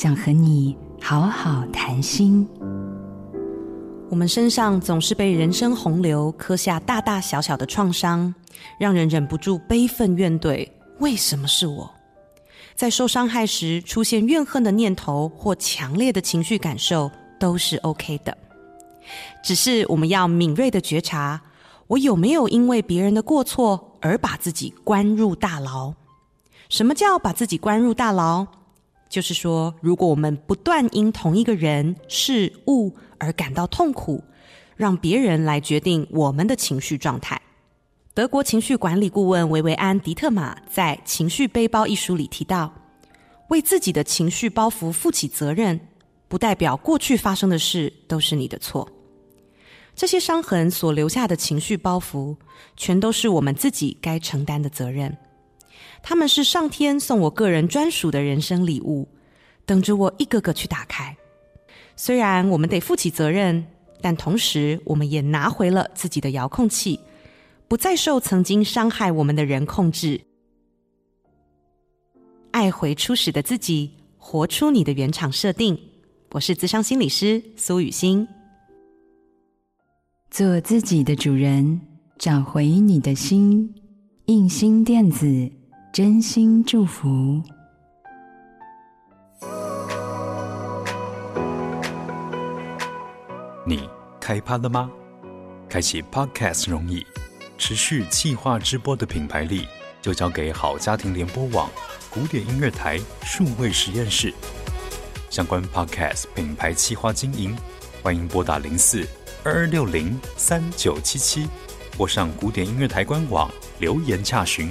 想和你好好談心。我們身上總是被人生洪流刻下大大小小的創傷，讓人忍不住悲憤怨懟。為什麼是我？在受傷害時出現怨恨的念頭或強烈的情緒感受都是 OK 的，只是我們要敏銳的覺察，我有沒有因為別人的過錯而把自己關入大牢？什麼叫把自己關入大牢？就是說，如果我們不斷因同一個人、事物而感到痛苦，讓別人來決定我們的情緒狀態，德國情緒管理顧問維維安·迪特瑪在《情緒背包》一書裡提到，為自己的情緒包袱負起責任，不代表過去發生的事都是你的錯。這些傷痕所留下的情緒包袱，全都是我們自己該承擔的責任。他們是上天送我個人專屬的人生禮物，等着我一個個去打開。雖然我們得負起責任，但同時我們也拿回了自己的遙控器，不再受曾經傷害我們的人控制。愛回初始的自己，活出你的原廠設定。我是諮商心理師蘇予昕，做自己的主人，找回你的心。映興電子。真心祝福。你開趴了嗎？開啟 Podcast 容易，持續企劃直播的品牌力就交給好家庭聯播網、古典音樂台、數位實驗室。相關 Podcast 品牌企劃經營，歡迎撥打零四二二六零三九七七，或上古典音樂台官網留言洽詢。